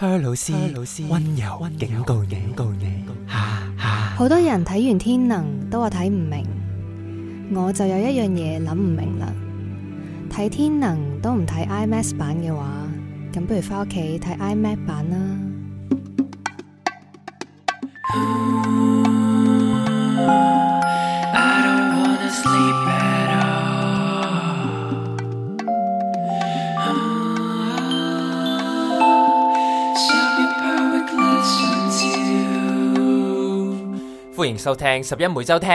hello 老師溫柔警告警告警告。好多人睇完天能都話睇唔明，我就有一樣嘢諗唔明啦。睇天能都唔睇 IMAX 版嘅話，咁不如返屋企睇 IMAX 版啦。歡迎收聽拾壹每周聽。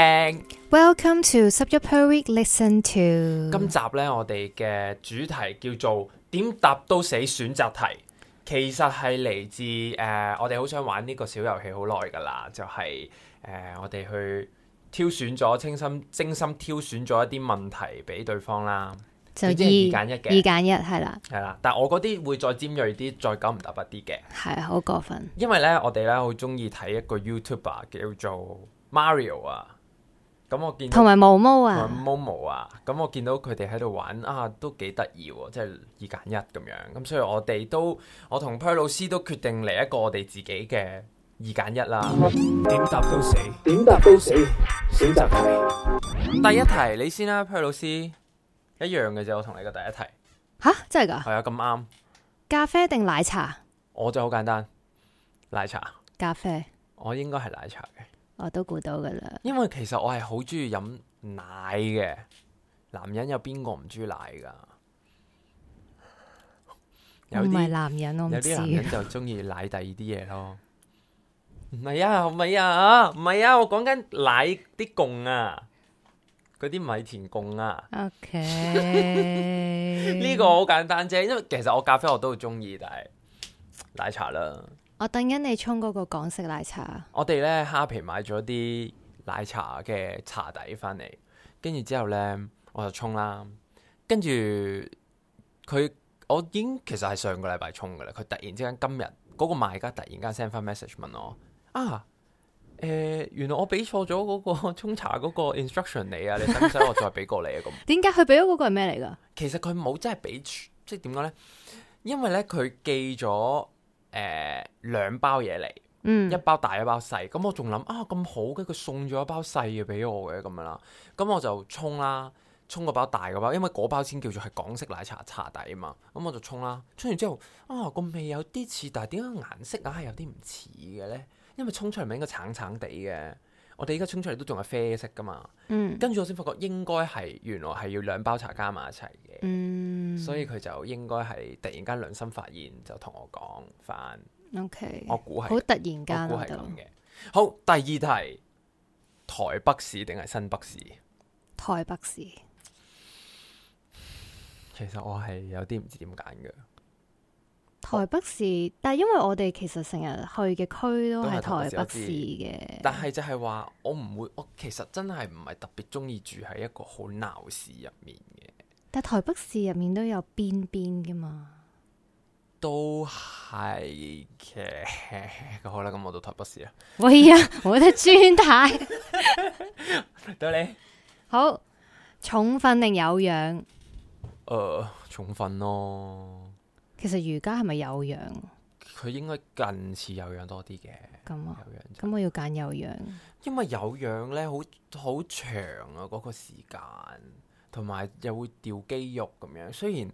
Welcome to 拾壹 per week listen to。今集呢，我哋嘅主題叫做點答都死選擇題，其實係嚟自誒、呃，我哋好想玩呢個小遊戲好耐噶啦，就係、是、誒、呃，我哋去挑選咗，精心精心挑選咗一啲問題俾對方啦。就二二揀一嘅二揀一係啦，係啦，但係我嗰啲會再尖銳啲，再九唔搭八啲嘅，係好過分。因為呢，我哋呢好中意睇一個 YouTuber 叫做 Mario 啊，咁我見到同埋毛毛啊，同毛毛啊，咁我見到佢哋喺度玩啊，都幾得意喎，即係二揀一咁樣。咁、嗯、所以我哋都，我同 Per 老師都決定嚟一個我哋自己嘅二揀一啦。嗯、點答都死，點答都死，選擇題。第一題，你先啦，Per 老師。一樣嘅啫。我同你嘅第一題，吓？真係噶？係啊，咁啱。咖啡定奶茶？我就好簡單，奶茶。咖啡。我應該係奶茶嘅。我都估到噶啦。因為其實我係好中意飲奶嘅，男人有邊個唔中意奶噶？有啲男人，有啲男人就中意奶第二啲嘢咯。唔係啊，唔係啊，唔係啊，啊，我講緊奶啲共啊。嗰啲米田共啊，OK，呢 個好簡單啫，因為其實我咖啡我都好中意，但係奶茶啦。我等緊你沖嗰個港式奶茶。我哋咧蝦皮買咗啲奶茶嘅茶底翻嚟，跟住之後咧我就沖啦。跟住佢，我已經其實係上個禮拜沖噶啦。佢突然之間今日嗰個賣家突然間 send 翻 message 問我啊。誒、呃，原來我俾錯咗嗰個沖茶嗰個 instruction 你啊， 你使唔使我再俾過你啊咁。點解佢俾咗嗰個係咩嚟噶？其實佢冇真係俾，即係點講咧？因為咧佢寄咗誒兩包嘢嚟，嗯，一包大，一包大，啊、一包細。咁我仲諗啊咁好嘅，佢送咗一包細嘅俾我嘅咁樣啦。咁我就沖啦，沖個包大個包，因為嗰包先叫做係港式奶茶茶底啊嘛。咁我就沖啦，沖完之後啊個味有啲似，但係點解顏色硬係有啲唔似嘅咧？因為沖出嚟咪應該橙橙地嘅，我哋依家沖出嚟都仲係啡色噶嘛，嗯，跟住我先發覺應該係原來係要兩包茶加埋一齊嘅，嗯，所以佢就應該係突然間良心發現就同我講翻，OK，我估係好突然間，我估係咁嘅。好，第二題，台北市定係新北市？台北市，其實我係有啲唔知點揀嘅。台北市，但係因為我哋其實成日去嘅區都係台北市嘅，但係就係話我唔會，我其實真係唔係特別中意住喺一個好鬧市入面嘅。但台北市入面都有邊邊噶嘛，都係嘅。好啦，咁我到台北市啊，喂啊，我的專太，到你，好，重訓定有氧？誒、呃，重訓咯。其實瑜伽係咪有氧？佢應該近似有氧多啲嘅。咁啊，有氧就係，咁我要揀有氧，因為有氧呢好好長啊嗰個時間，同埋又會掉肌肉咁樣。雖然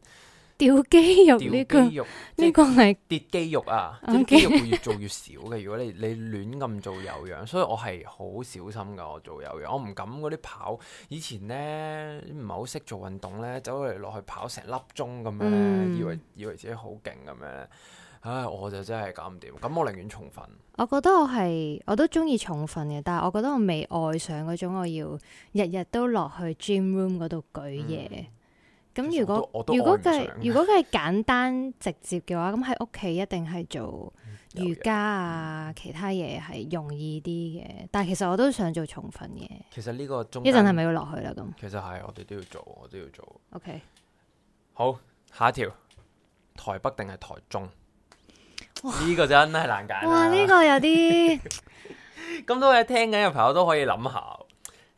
掉肌肉呢個呢個係跌肌肉啊！Okay 肌肉會越做越少嘅。如果你你亂咁做有氧，所以我係好小心噶。我做有氧，我唔敢嗰啲跑。以前呢，唔係好識做運動呢，走嚟落去跑成粒鐘咁樣咧，嗯、以為以為自己好勁咁樣咧。唉、哎，我就真係搞唔掂。咁我寧願重訓。我覺得我係我都中意重訓嘅，但係我覺得我未愛上嗰種我要日日都落去 gym room 嗰度舉嘢。嗯咁如果如果佢係 如果簡單直接嘅話，咁喺屋企一定係做瑜伽啊， 其他嘢係容易啲嘅。但係其實我都想做重訓嘅。其實呢個中一陣係咪要落去啦？咁其實係，我哋都要做，我都要做。O Okay . K，好，下一條，台北定係台中？呢哇個真係難揀。啊！呢、這個有啲咁 多位聽緊嘅朋友都可以諗下。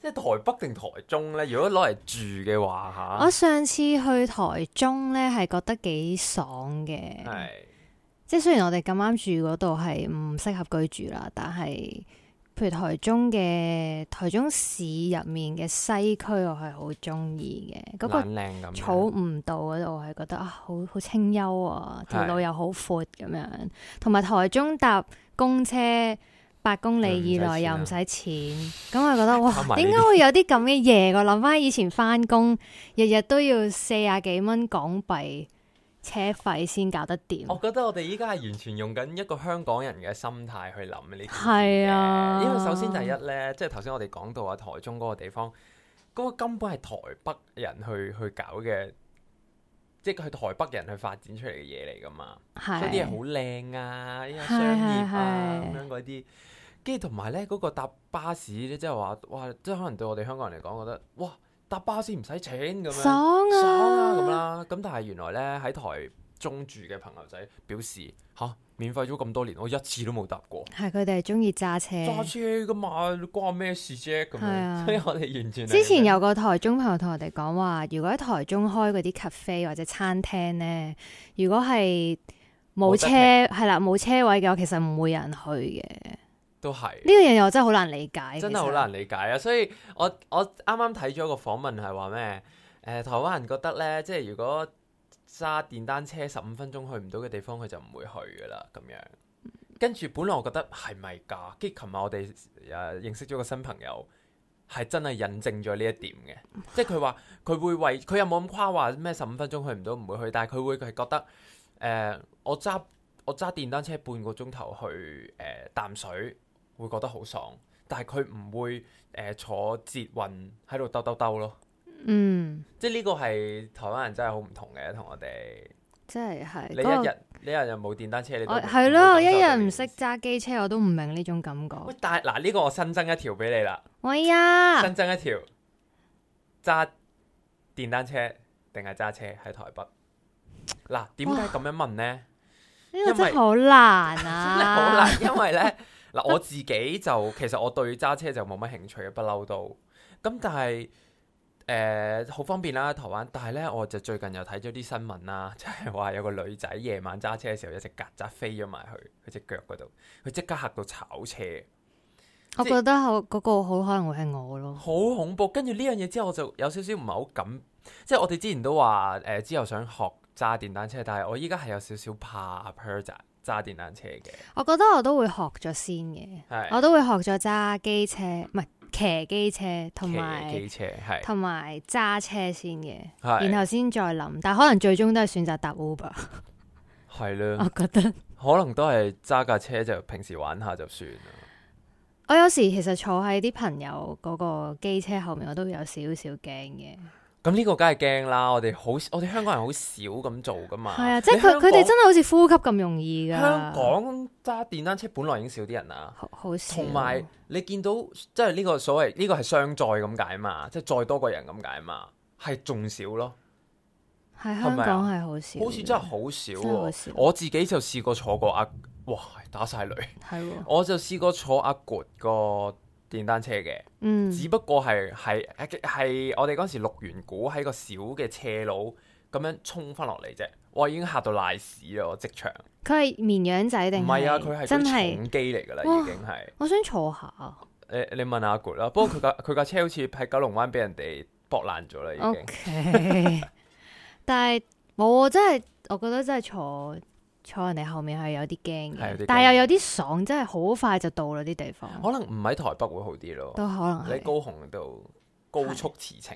即係台北定台中咧？如果攞嚟住嘅話吓，啊、我上次去台中咧，係覺得幾爽嘅。係是，即係雖然我哋咁啱住嗰度係唔適合居住啦，但係，譬如台中嘅台中市入面嘅西區，我係好中意嘅。嗰個草悟道嗰度，我係覺得啊，好好清幽啊，條路又好闊咁樣，同埋是台中搭公車。八公里以內又唔使錢，咁我、嗯、 覺得哇，點解會有啲咁嘅嘢？我諗翻以前翻工，日日都要四十幾蚊港幣車費先搞得掂。我覺得我哋依家係完全用緊一個香港人嘅心態去諗呢啲嘢。係啊，因為首先第一呢，即係頭先我哋講到啊，台中嗰個地方，嗰、嗰個根本係台北人去去搞嘅。即係佢台北人去發展出嚟嘅嘢嚟噶嘛，是所以啲嘢好靚啊，依個商業啊咁樣嗰啲，跟住同埋咧嗰個搭巴士咧，即係話哇，即係可能對我哋香港人嚟講，覺得哇搭巴士唔使錢咁樣爽啊，爽啊咁啦，咁但係原來咧喺台。中住嘅朋友仔表示：吓，免費咗咁多年，我一次都冇搭過。係佢哋係鍾意揸車，揸車㗎嘛，關咩事啫？啊，咁樣，所以我哋完全。之前有個台中朋友同我哋講話，如果喺台中開嗰啲咖啡或者餐廳咧，如果係冇車，係啦冇車位嘅我其實唔會有人去嘅。都係是呢個嘢，我真係好難理解，真係好難理解啊！實所以我，我我啱啱睇咗個訪問係話咩？誒、呃，台灣人覺得咧，即係如果。揸電單車十五分鐘去唔到嘅地方，佢就唔會去噶啦，咁樣。跟住本來我覺得係咪㗎？跟住琴日我哋誒認識咗個新朋友，係真係印證咗呢一點嘅，即係佢話佢會為佢又冇咁誇話咩十五分鐘去唔到唔會去，但係佢會係覺得誒、呃、我揸我揸電單車半個鐘頭去誒、呃、淡水會覺得好爽，但係佢唔會誒、呃、坐捷運喺度兜兜兜咯。嗯，即係呢個係台灣人真係好唔同嘅，同我哋，即係係你一日、那個、你一日冇電單車呢個係咯，我一日唔識揸機車，我都唔明呢種感覺。但係嗱，呢、這個我新增一條俾你啦，喂、哎、呀，新增一條揸電單車定係揸車喺台北？嗱，點解咁樣問呢？呢哇為個真係好難啊！ 真係好難，因為呢，嗱，我自己就其實我對揸車就冇乜興趣嘅，不嬲都咁，但係。誒，好、呃、方便啦，台灣。但係咧，我就最近又睇咗啲新聞啦，就係、是、話有個女仔夜晚揸車嘅時候一，一隻曱甴飛咗埋去佢隻腳嗰度，佢即刻嚇到炒車。我覺得好嗰即個好可能會係我咯，好恐怖。跟住呢樣嘢之後，我就有少少唔係好敢。即係我哋之前都話誒、呃，之後想學揸電單車，但係我依家係有少少怕 per 揸電單車嘅。我覺得我都會學咗先嘅，是我都會學咗揸機車，唔係。騎機車同埋騎機車係，同埋揸車先嘅，是然後先再諗，但可能最終都係選擇搭 Uber。係 咯了， 我覺得可能都係揸架車就平時玩下就算。 我有時其實坐喺啲朋友嗰個機車後面，我都有少少驚嘅。咁呢個梗係驚啦，我哋好我哋香港人好少咁做噶嘛。係啊，即係佢佢哋真係好似呼吸咁容易噶。香港揸電單車本來已經少啲人啦，好少。同埋你見到即係呢個所謂呢個係雙載咁解嘛，即係再多個人咁解嘛，係仲少咯。喺香港係好少，好似真係好少。我自己就試過坐過啊，哇，打晒雷。係啊，我就試過坐阿個電單車嘅，嗯、只不過係係係我哋嗰時錄完股喺個小嘅斜路咁樣衝翻落嚟啫，我已經嚇到瀨屎喇，我直長。佢係綿羊仔定？唔係啊，佢係做重機嚟噶啦，已經係。我想坐下啊！誒，你問阿谷啦。不過佢架佢架車好似喺九龍灣俾人哋駁爛咗啦，已經。 Okay. 但係我真係，我覺得真係坐。坐人哋後面係有啲驚 但係又有啲爽，真係好快就到啦啲地方。可能唔喺台北會好啲咯，都可能喺高雄度高速馳騁，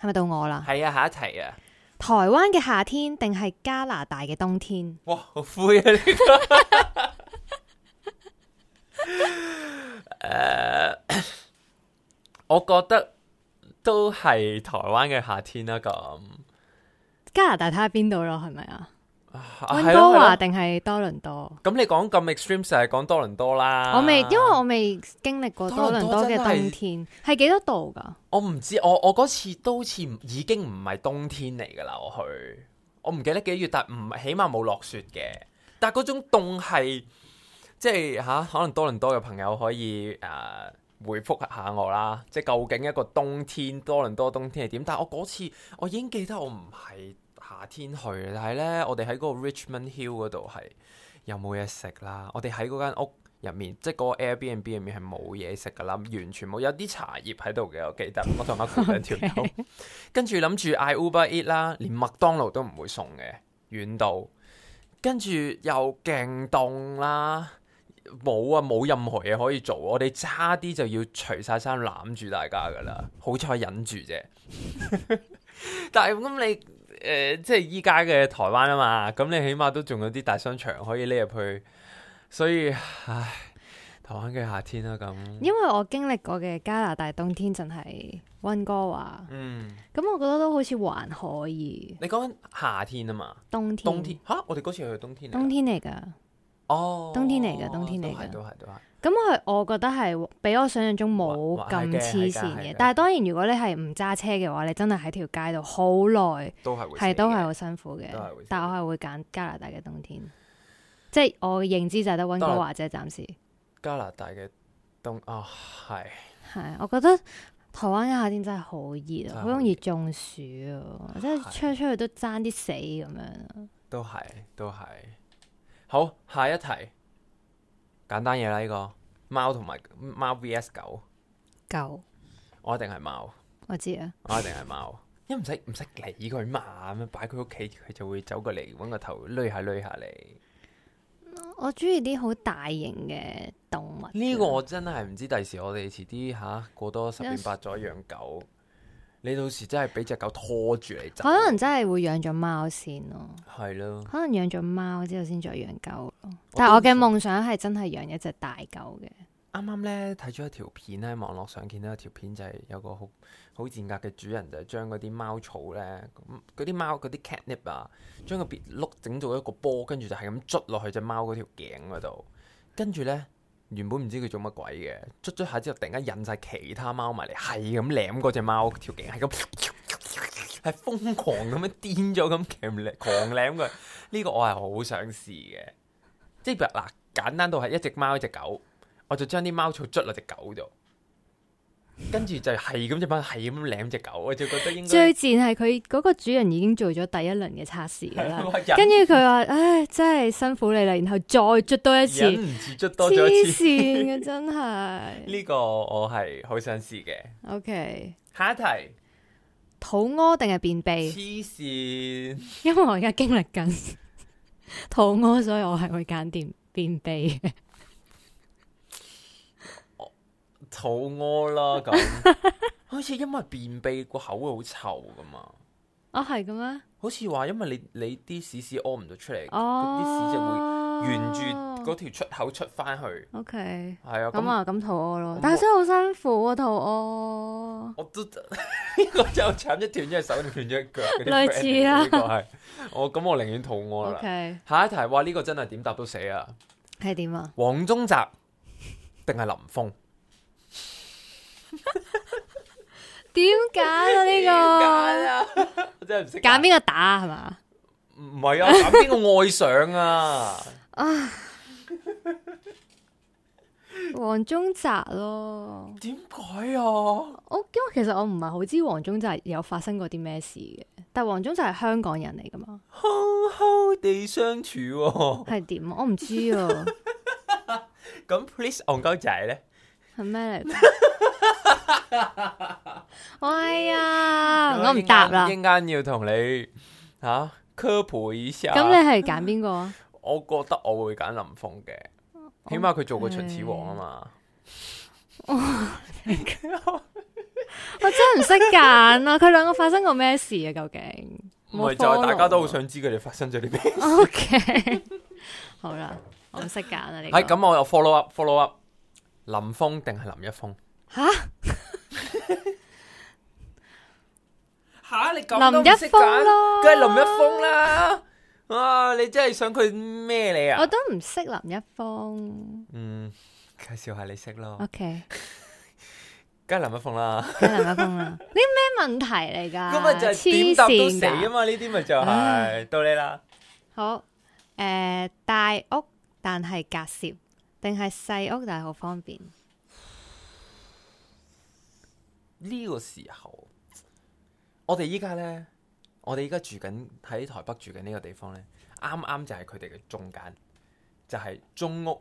係咪到我啦？係啊，下一題啊！台灣嘅夏天定係加拿大嘅冬天？哇，好灰啊！呢個，誒，我覺得都係台灣嘅夏天啦，啊。咁加拿大睇下邊度咯，係咪啊？溫哥華定係多倫多？咁你講咁 extreme，就係講多倫多啦。我未，因為我未經歷過多倫多嘅冬天，係幾多,多,多度噶？我唔知，我我嗰次都好似已經唔係冬天嚟噶啦。我去，我唔記得幾月，但唔起碼冇落雪嘅。但係嗰種凍係，即係吓、啊，可能多倫多嘅朋友可以誒、啊、回覆下我啦。即係究竟一個冬天，多倫多冬天係點？但係我嗰次我已經記得我，我唔係。夏天去，但係呢，我哋喺嗰個 Richmond Hill 嗰度係又冇嘢食啦。我哋喺嗰間屋入面，即係嗰個 Airbnb 入面係冇嘢食噶啦，完全冇。有啲茶葉喺度嘅，我記得我同阿喬兩條友，跟住諗住嗌 Uber Eat 啦，連麥當勞都唔會送嘅遠到，跟住又勁凍啦，冇啊冇任何嘢可以做，我哋差啲就要除晒衫攬住大家噶啦。好彩忍住啫。 但係咁你？誒、呃，即係依家嘅台灣啊嘛，咁你起碼都仲有啲大商場可以匿入去，所以，唉，台灣嘅夏天啦，啊、咁。因為我經歷過嘅加拿大冬天就溫哥華，就係溫哥華，嗯，咁我覺得都好似還可以。你講緊夏天啊嘛，冬天，冬天，吓我哋嗰次去冬天嚟，oh,，冬天嚟噶，哦，冬天嚟噶，冬天嚟噶，都係，都係。咁我、嗯、我覺得係比我想象中冇咁黐線嘅，但係當然如果你係唔揸車嘅話，你真係喺條街度好耐，係都係好辛苦嘅。但我係會揀加拿大嘅冬天，嗯、即係我嘅認知就係得溫哥華啫暫時。加拿大嘅冬啊係係，我覺得台灣嘅夏天真係好熱啊，好容易中暑啊，即係出出去都爭啲死咁樣。都係都係，好，好下一題。簡單嘢啦，呢個貓同埋貓 VS 狗狗我一定係貓。我知啊，我一定係貓 因為唔使唔使理佢嘛，咁樣擺佢屋企，佢就會走過嚟揾個頭捋下捋下你我中意啲好大型嘅動物，呢個我真係唔知第時我哋遲啲吓過多十點八再養狗。你到時真係俾隻狗拖住嚟走，可能真係會養咗貓先咯，係咯，可能養咗貓之後先再養狗咯。但係我嘅夢想係真係養一隻大狗嘅。啱啱呢，睇咗一條片喺網絡上見到一條片，就係有個好好賤格嘅主人就將嗰啲貓草呢、嗰啲貓嗰啲 catnip 啊，將個別碌整做一個波，跟住就係咁捽落去隻貓嗰條頸嗰度，跟住呢。原本唔知佢做乜鬼嘅，捽捽下之後，突然間引晒其他貓埋嚟，係咁舐嗰隻貓條頸，係咁， 係瘋狂咁樣癲咗咁舐，狂舐佢。呢、這個我係好想試嘅，即係譬如嗱，簡單到係一隻貓一隻狗，我就將啲貓草捽落隻狗度。跟住就係咁，隻貓係咁領隻狗，我就覺得應該最賤係佢嗰個主人已經做咗第一輪嘅測試啦。跟住佢話：唉、 哎，真係辛苦你啦，然後再捽多一次。忍唔住捽多咗一次。黐線嘅真係。呢 個我係好想試嘅。OK，下一題：肚屙定係便秘？黐線， 因為我而家經歷緊肚屙，所以我係會揀掂便秘。肚屙啦，咁好似因為便秘個口會好臭噶嘛？哦，係咁咩？好似話因為你你啲屎屎屙唔到出嚟，嗰啲屎就會沿住嗰條出口出翻去。OK，係啊，咁啊咁肚屙咯，但係真係好辛苦啊，肚屙。我都呢個就慘一斷一隻手斷一腳，類似啦，呢個係我咁我寧願肚屙啦。OK，下一題哇，呢個真係點答都死啊！係點啊？黃宗澤定係林峰？點解？ 啊、這個、啊？我真係唔識，呢個揀邊個打係嘛？唔係啊，揀邊個愛上啊？ 啊，黃宗澤咯？點解啊？我因為其實我唔係好知黃宗澤有發生過啲咩事嘅，但黃宗澤係香港人嚟噶嘛？好好地相處係、哦、點、 啊？我唔知啊。咁 Please on 哥仔咧係咩嚟？ 哎呀，我唔答啦。一陣間要同你吓、啊、科普一下。咁你係揀邊個？ 我覺得我會揀林峰嘅，起碼佢做過秦始皇啊嘛。我真係唔識揀啊！佢兩個發生過咩事啊？究竟唔係就係、是、大家都好想知佢哋發生咗啲咩？O K，好啦，我唔識揀啦。係、這、咁、個， 哎、我又 follow up, follow up，follow up，林峰定係林一峰？吓吓哈， 你咁都唔識揀，林一峰咯？嗯，梗係 Okay. 林一峰啦！哇，你真係想佢咩你啊？我都唔識林一峰。嗯，介紹下你識咯。OK，梗係林一峰啦。林一峰啦，呢咩問題嚟噶？咁咪就係點答都死啊嘛！呢啲咪就係、是啊、到你啦。好，誒、呃，大屋但係隔涉，定係細屋但係好方便？呢個時候，我哋依家咧，我哋依家住緊喺台北住緊呢個地方咧，啱啱就係佢哋嘅中間，就係、是、中屋，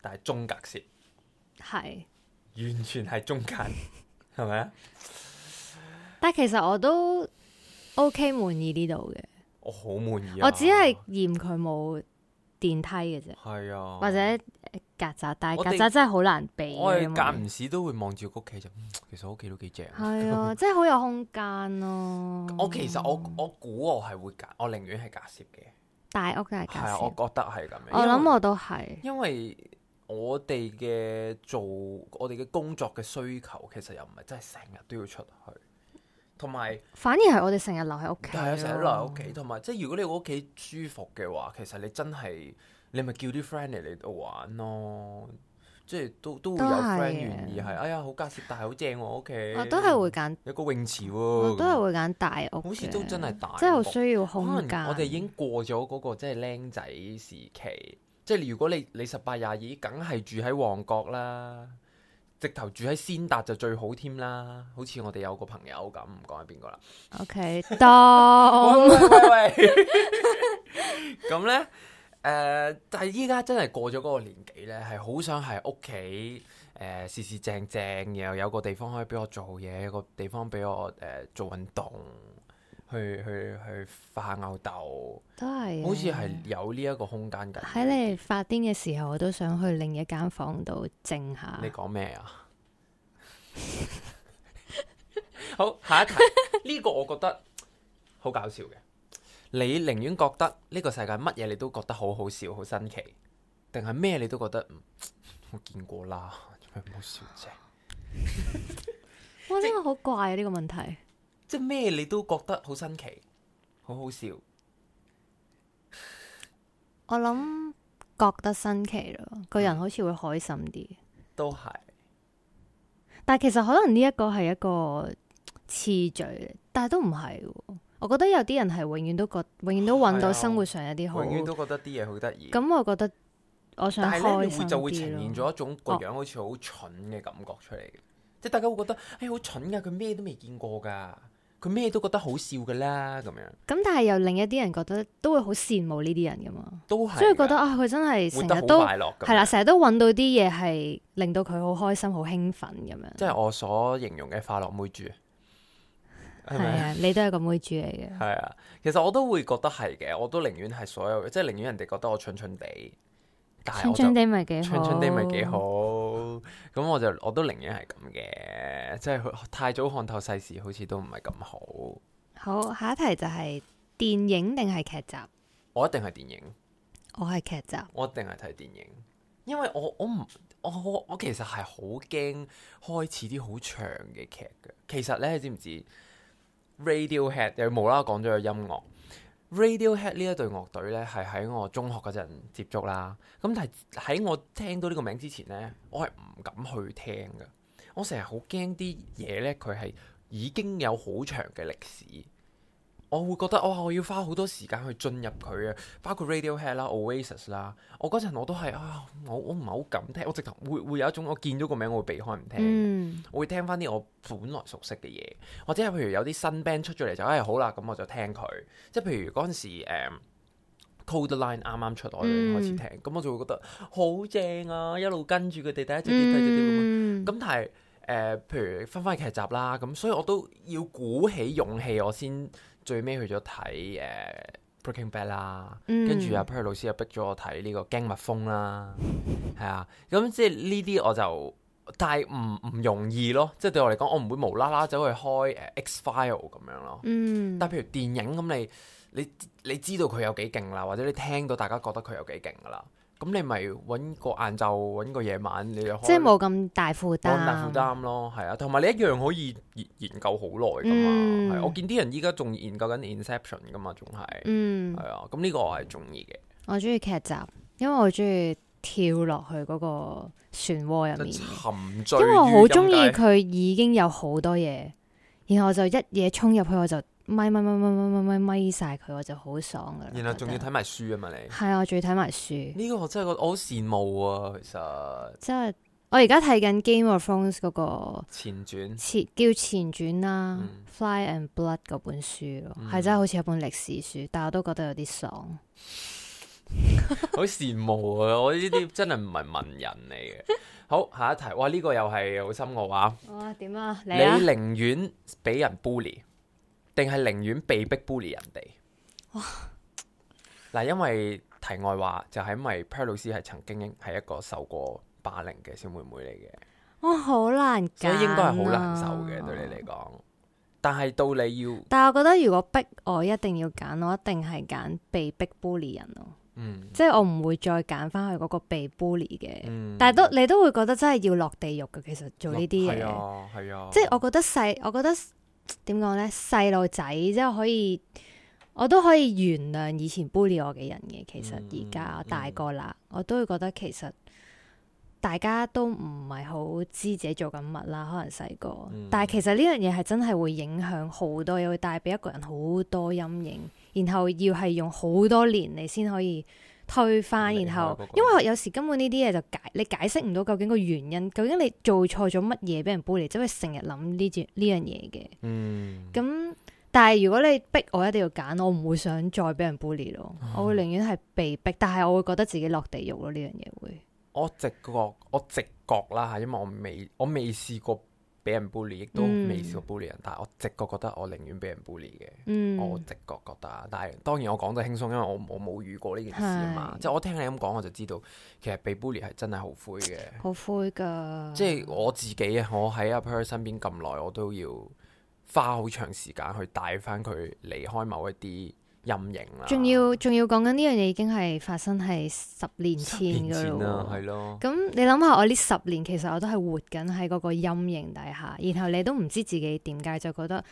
但係中隔扇，係是完全係中間，係咪啊？但係其實我都 OK 滿意呢度嘅，我好滿意啊，我只係嫌佢冇。電梯嘅啫，啊、或者曱甴，但係曱甴真係好難避。我哋間唔時都會望住屋企就，其實屋企都幾正。係啊， 真係好有空間咯、啊。我其實我、嗯、我估我係會揀，我寧願係假設嘅大屋嘅係啊。我覺得係咁樣，我諗我都係，因為我哋嘅做，我哋嘅工作嘅需求，其實又唔係真係成日都要出去。同埋，反而係我哋成日留喺屋企。係啊，成日留喺屋企。同埋，即係如果你屋企舒服嘅話，其實你真係，你咪叫啲 friend 嚟你度玩咯。即係都都會有 friend 願意係，哎呀，好隔涉，但係好正我屋企。都係會揀一個泳池喎、啊，都係會揀大，大屋。好似都真係大，即係好需要空間。我哋已經過咗嗰、那個即係僆仔時期，即係如果你你十八廿二,二，梗係住喺旺角啦。直頭住喺先達就最好添啦，好似我哋有個朋友咁，唔講係邊個啦。O K，多咁呢，誒、 呃，但係依家真係過咗嗰個年紀呢，係好想係屋企，誒、呃，事事正正，然後有個地方可以俾我做嘢，有個地方俾我誒、呃、做運動。去去去發吽斗，都係好似係有呢一個空間嘅。喺你發癲嘅時候，我都想去另一間房度靜下。你講咩啊？ 好，下一題呢 個我覺得好搞笑嘅。你寧願覺得呢個世界乜嘢你都覺得好好笑、好新奇，定係咩你都覺得唔我見過啦，咁好笑啫。 哇，真係好怪啊！呢個問題。欸即係咩你都覺得好新奇，好好笑。 我諗覺得新奇咯，個人好似會開心啲、嗯。都係，但係其實可能呢一個係一個次序，但係都唔係。我覺得有啲人係永遠都覺，永遠都搵到生活上一啲，好、啊啊、永遠都覺得啲嘢好得意。咁我覺得，我想開心啲咯，就會呈現咗一種個樣，好似好蠢嘅感覺出嚟嘅，哦、即係大家會覺得誒好、欸、蠢噶，佢咩都未見過噶。佢咩都覺得好笑噶啦，咁樣。咁但係又另一啲人覺得都會好羨慕呢啲人噶嘛，都係所以覺得啊，佢真係成日都係啦，成日都揾到啲嘢係令到佢好開心、好興奮咁樣。即係我所形容嘅快樂妹豬，係咪啊？你都係個妹豬嚟嘅。係啊，其實我都會覺得係嘅，我都寧願係所有，即係寧願人哋覺得我蠢蠢地，但係蠢蠢地咪幾好，蠢蠢地咪幾好。咁、嗯、我就我都寧願係咁嘅，即係太早看透世事，好似都唔係咁好。好，下一題就係電影定係劇集？我一定係電影。我係劇集。我一定係睇電影，因為我我唔我我，我其實係好驚開始啲好長嘅劇嘅。其實咧，你知唔知？Radiohead 又冇啦啦講咗個音樂。Radiohead 呢一隊樂隊呢，係喺我中學嗰陣接觸啦。咁但係喺我聽到呢個名之前呢，我係唔敢去聽嘅。我成日好驚啲嘢呢，佢係已經有好長嘅歷史。我會覺得，哇、哦！我要花好多時間去進入佢啊，包括 Radiohead 啦、Oasis 啦。我嗰陣我都係啊、哦，我我唔係好敢聽，我直頭會會有一種我見到個名，我會避開唔聽。嗯、我會聽翻啲我本來熟悉嘅嘢，或者係譬如有啲新 band 出咗嚟就唉、哎、好啦，咁我就聽佢。即係譬如嗰陣時、嗯、Code Line 啱啱出，我已經開始聽，咁、嗯、我就會覺得好正啊！一路跟住佢哋，第一隻，睇一隻，咁。咁、嗯、但係誒、呃，譬如分翻劇集啦，咁所以我都要鼓起勇氣，我先。最尾去咗睇誒 Breaking Bad、嗯這個、啦，跟住啊，譬如老師又逼咗我睇呢個驚蜜風啦，係啊，咁即係呢啲我就，但係唔唔容易咯，即係對我嚟講，我唔會無啦啦走去開誒、uh, X File 咁樣咯。嗯，但譬如電影咁，你你你知道佢有幾勁啦，或者你聽到大家覺得佢有幾勁噶啦。咁你咪揾個晏晝，揾個夜晚，你又即係冇咁大負擔，負擔咯，係啊，同埋你一樣可以研究、嗯、研研研究好耐噶嘛，係我見啲人依家仲研究緊 Inception 噶嘛，仲係、嗯，係啊，咁呢個我係中意嘅。我中意劇集，因為我中意跳落去嗰個漩渦入面，沉醉，因為我好中意佢已經有好多嘢，然後我就一嘢衝入去我就。咪咪咪咪咪咪咪咪晒佢，我就好爽噶。然後仲要睇埋書啊嘛，你係啊，仲要睇埋書。呢個我真係我我好羨慕啊。其實即係我而家睇緊《Game of Thrones》嗰個前傳，前叫《前傳》啦，《Fire and Blood》嗰本書，係真係好似一本歷史書，但係我都覺得有啲爽。好羨慕啊！我呢啲真係唔係文人嚟嘅。好下一題，哇！呢個又係好深嘅話，哇！點啊？你寧願俾人 bully？定係寧願被逼 bully 人哋哇！嗱， 因為題外話就係、是、因為 p r 老師係曾經係一個受過霸凌嘅小妹妹嚟嘅，我好、哦、難揀、啊，所以應該係好難受嘅對你嚟講。但係到你要，但係我覺得如果逼我一定要揀，我一定係揀被逼 bully 人咯。嗯，即係我唔會再揀翻去嗰個被 bully 嘅。嗯、但係都你都會覺得真係要落地獄嘅。其實做呢啲嘢係啊，係啊，即係我覺得細，我覺得。點講呢？細路仔即係可以，我都可以原諒以前 bully 我嘅人嘅。其實而家我大個啦，mm hmm. 我都會覺得其實大家都唔係好知自己做緊乜啦。可能細個，mm hmm. 但係其實呢樣嘢係真係會影響好多，又會帶俾一個人好多陰影，然後要係用好多年嚟，先可以。退化，然後 因為有時根本呢啲嘢就解你解釋唔到究竟個原因，究竟你做錯咗乜嘢俾人 bully，就係成日諗呢件呢樣嘢嘅。咁、嗯、但係如果你逼我一定要揀，我唔會想再俾人 bully 咯，嗯、我會寧願係被逼，但係我會覺得自己落地獄咯，呢樣嘢會。我直覺，我直覺啦嚇，因為我未我未試過。俾人 bully 亦都未試過 bully 人，嗯、但係我直覺覺得我寧願俾人 bully 嘅，嗯、我直覺覺得。但係當然我講得輕鬆，因為我我冇遇過呢件事啊嘛。是即係我聽你咁講，我就知道其實被 bully 係真係好灰嘅，好灰㗎。即係我自己啊，我喺阿 Per 身邊咁耐，我都要花好長時間去帶翻佢離開某一啲陰影啦，仲要仲要講緊呢樣嘢，已經係發生係十年前㗎喇，係咯。咁你諗下，我呢十年其實我都係活緊喺嗰個陰影底下，然後你都唔知自己點解就覺得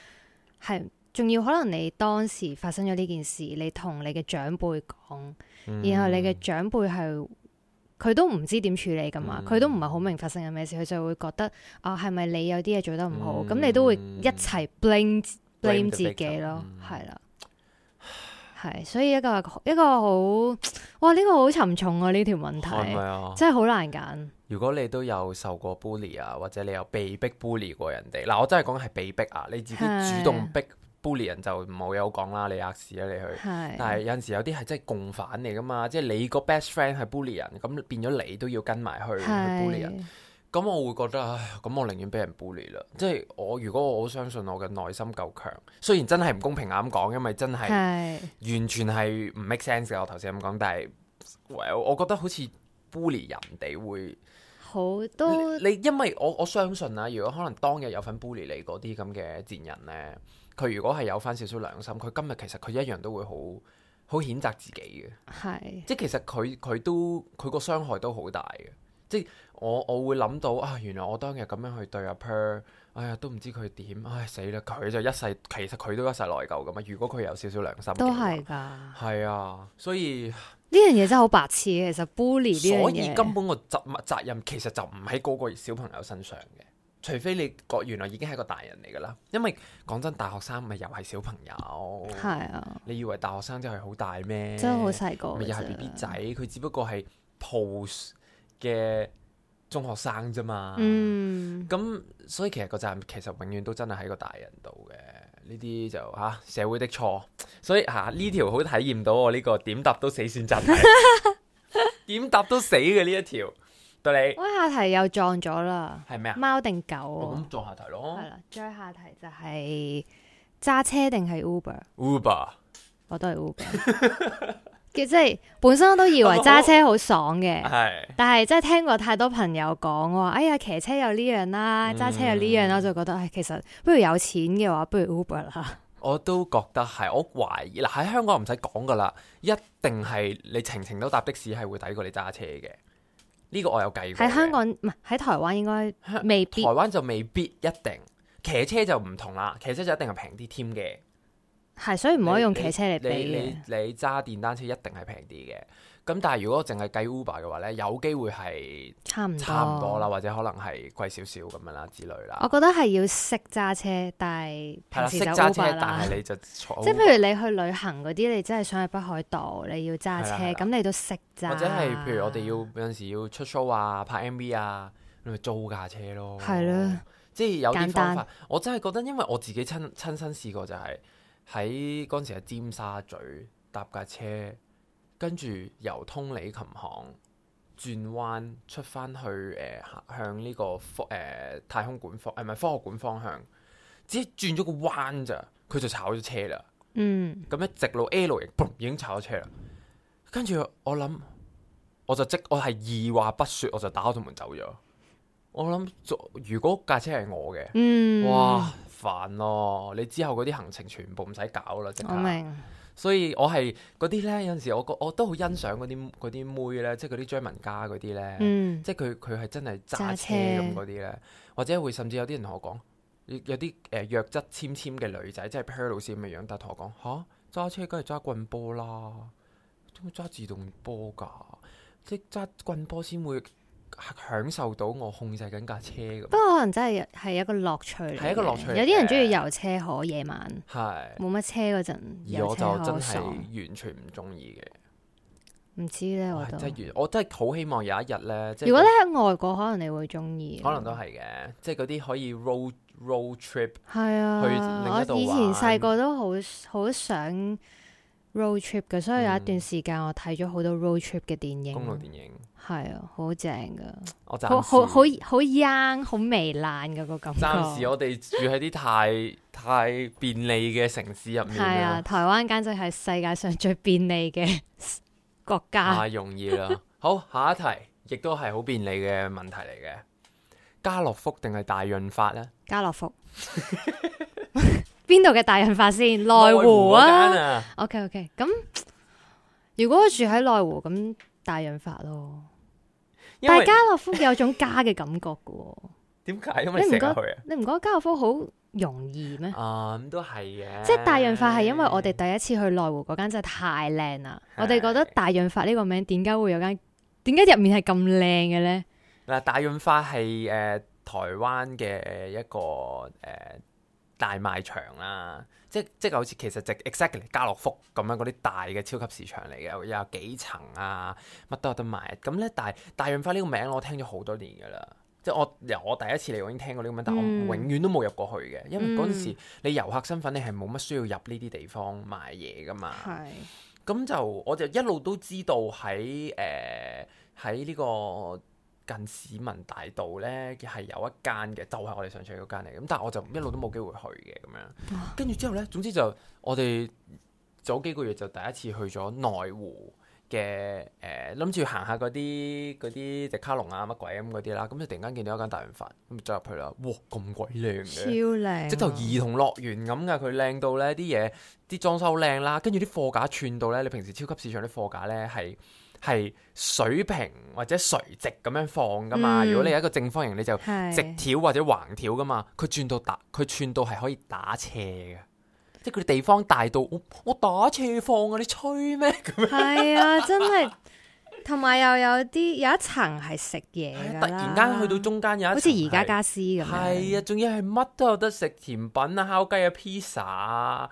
係，仲要可能你當時發生咗呢件事，你同你嘅長輩講，然後你嘅長輩係佢都唔知點處理噶嘛，佢、嗯、都唔係好明發生緊咩事，佢就會覺得啊，係咪你有啲嘢做得唔好？咁、嗯、你都會一齊 blame blame girl, blame 自己咯，係啦。係，所以一個一個好，哇！呢個好沉重啊，呢條問題，係係啊、真係好難揀。如果你都有受過 bully 啊，或者你有被逼 bully 過人哋，嗱，我真係講係被逼啊，你自己主動逼 bully 人就冇有講啦，你壓事啊，你去。係。但係有陣時有啲係真係共犯嚟噶嘛，即係你個 best friend 係 bully 人，咁變咗你都要跟埋去 bully 人。係。咁我會覺得，唉，咁我寧願俾人 bully 啦。即係我如果我好相信我嘅內心夠強，雖然真係唔公平咁講，因為真係完全係唔 make sense 嘅。我頭先咁講，但係我覺得好似 bully 人哋會好多你。你因為我我相信啊，如果可能當日有份 bully 你嗰啲咁嘅賤人呢，佢如果係有返少少良心，佢今日其實佢一樣都會好好譴責自己嘅。係，即係其實佢佢都佢個傷害都好大嘅。即我我會諗到啊，原來我當日咁樣去對阿 Per，哎呀都唔知佢點，唉、哎，死啦！佢就一世其實佢都一世內疚噶嘛。如果佢有少少良心，都係噶，係啊，所以呢樣嘢真係好白痴嘅。其實 bully 呢樣嘢，所以， 所以根本個責責任其實就唔喺嗰個小朋友身上嘅，除非你覺原來已經係個大人嚟噶啦。因為講真，大學生咪又係小朋友，係啊，你以為大學生大真係好大咩？真係好細個，咪又係 B B 仔，佢只不過係 pose。嘅中學生啫嘛，咁、嗯、所以其實個站其實永遠都真係喺個大人度嘅，呢啲就吓、啊，社會的錯，所以吓，呢、啊嗯、條好體驗到我呢、這個點答都死選擇題，點 答都死嘅呢一條到你。我下題又撞咗啦，係咩啊？貓定狗？咁撞下題咯，係啦。再下題就係揸車定係 Uber？Uber，我都係 Uber。 即係本身我都以為揸車好爽嘅，oh, oh, oh. 但係真係聽過太多朋友講，話哎呀騎車又呢樣啦、啊，揸車又呢樣啦、啊，嗯、我就覺得唉、哎、其實不如有錢嘅話不如 Uber 啦。我都覺得係，我懷疑啦，喺香港唔使講噶啦，一定係你程程都搭的士係會抵過你揸車嘅。呢、呢個我有計過，喺香港唔係，喺台灣應該未必，台灣就未必一定，騎車就唔同啦，騎車就一定係平啲添嘅。係，所以唔可以用騎車嚟比你。你你揸電單車一定係平啲嘅，咁但係如果淨係計 Uber 嘅話咧，有機會係差唔多啦，或者可能係貴少少咁樣啦之類啦。我覺得係要識揸車，但係平時，識揸車，但係你就坐， 即係譬如你去旅行嗰啲，你真係想去北海道，你要揸車，咁了你都識揸。或者係譬如我哋要有時要出 show 啊、拍 MV 啊，你咪租架車咯。係咯了，即係有啲方法簡單我真係覺得，因為我自己親親身試過就係、是。喺嗰陣時喺尖沙咀搭架車，跟住由通利琴行轉彎出翻去誒、呃、向呢、這個科、呃、太空館方係咪科學館方向？只係轉咗個彎咋，佢就炒咗車啦。嗯，咁一直路 L 型，已經炒咗車啦。跟住我諗，我就即我係二話不說，我就打開門走咗。我諗，如果架車係我嘅，嗯、哇！煩咯！你之後嗰啲行程全部唔使搞啦，即係。我明。所以我係嗰啲咧，有陣時我我都好欣賞嗰啲啲妹咧，即係嗰啲 j 文家嗰啲咧，嗯、即係佢佢係真係揸車咁嗰啲咧，車或者會甚至有啲人同我講，有啲誒弱質纖纖嘅女仔，即係 pair 老師咁嘅樣，但同我講嚇揸車梗係揸棍波啦，點會揸自動波㗎？即係揸棍波先會。享受到我控制緊架車，不過可能真係係一個樂趣嚟，係一個樂趣。有啲人中意遊車河夜晚，係冇乜車嗰陣。而，而我就真係完全唔中意嘅。唔知咧，我都即係我真係好希望有一日咧。即係如果你喺外國，可能你會中意，可能都係嘅。即係嗰啲可以 road road trip 係啊。去另一度我以前細個都好好想。road trip 嘅，所以有一段時間我睇咗好多 road trip 嘅電影。公路電影係啊，好正㗎！好好暫好，好，好 young，好糜爛嘅個感覺。暫時我哋住喺啲太 太便利嘅城市入面啦。係啊， 台灣簡直係世界上最便利嘅國家。 太容易啦！好，下一題亦都係好便利嘅問題嚟嘅，家樂福定係大潤發呢？家樂福。 邊度嘅大潤發先？內湖啊，內湖啊，OK OK、嗯。咁如果我住喺內湖，咁大潤發咯。因為 但家樂福有種家嘅感覺嘅。點解、啊？你唔覺？你唔覺得家樂福好容易咩？嗯、啊，咁都係嘅。即係大潤發係因為我哋第一次去內湖嗰間真係太靚啦。是啊、我哋覺得大潤發呢個名點解會有間？點解入面係咁靚嘅咧？嗱，大潤發係誒台灣嘅一個誒。呃呃大賣場啦、啊，即即係好似其實就 exactly 家樂福咁樣嗰啲大嘅超級市場嚟嘅，又有幾層啊，乜都有得賣。咁咧，但係大，大潤發呢個名我聽咗好多年㗎啦，即係我由我第一次嚟我已經聽過呢個名，但我永遠都冇入過去嘅，因為嗰陣時你遊客身份你係冇乜需要入呢啲地方買嘢㗎嘛。係是，咁就我就一路都知道喺誒喺呢個。近市民大道呢，佢係有一間嘅，就係、係、我哋上次去嗰間嚟。咁但係我就一路都冇機會去嘅咁樣。跟住 之後呢，總之就我哋早幾個月就第一次去咗內湖嘅誒，諗住行下嗰啲嗰啲迪卡龍啊乜鬼咁嗰啲啦。咁就突然間見到一間大潤發，咁就入去啦。哇，咁鬼靚嘅，超靚、啊，即係童兒童樂園咁嘅。佢靚到呢，啲嘢啲裝修靚啦，跟住啲貨架串到呢，你平時超級市場啲貨架呢係，係水平或者垂直咁樣放噶嘛？嗯、如果你一個正方形，你就直條或者橫條噶嘛？佢轉是到打，佢轉到係可以打斜嘅，即係佢地方大到我我打斜放啊！你吹咩？咁樣係啊，真係，同埋 又有啲有一層係食嘢突然間去到中間有一，好似宜家家私咁樣，係啊，仲要係乜都有得食，甜品啊、烤雞啊、披薩。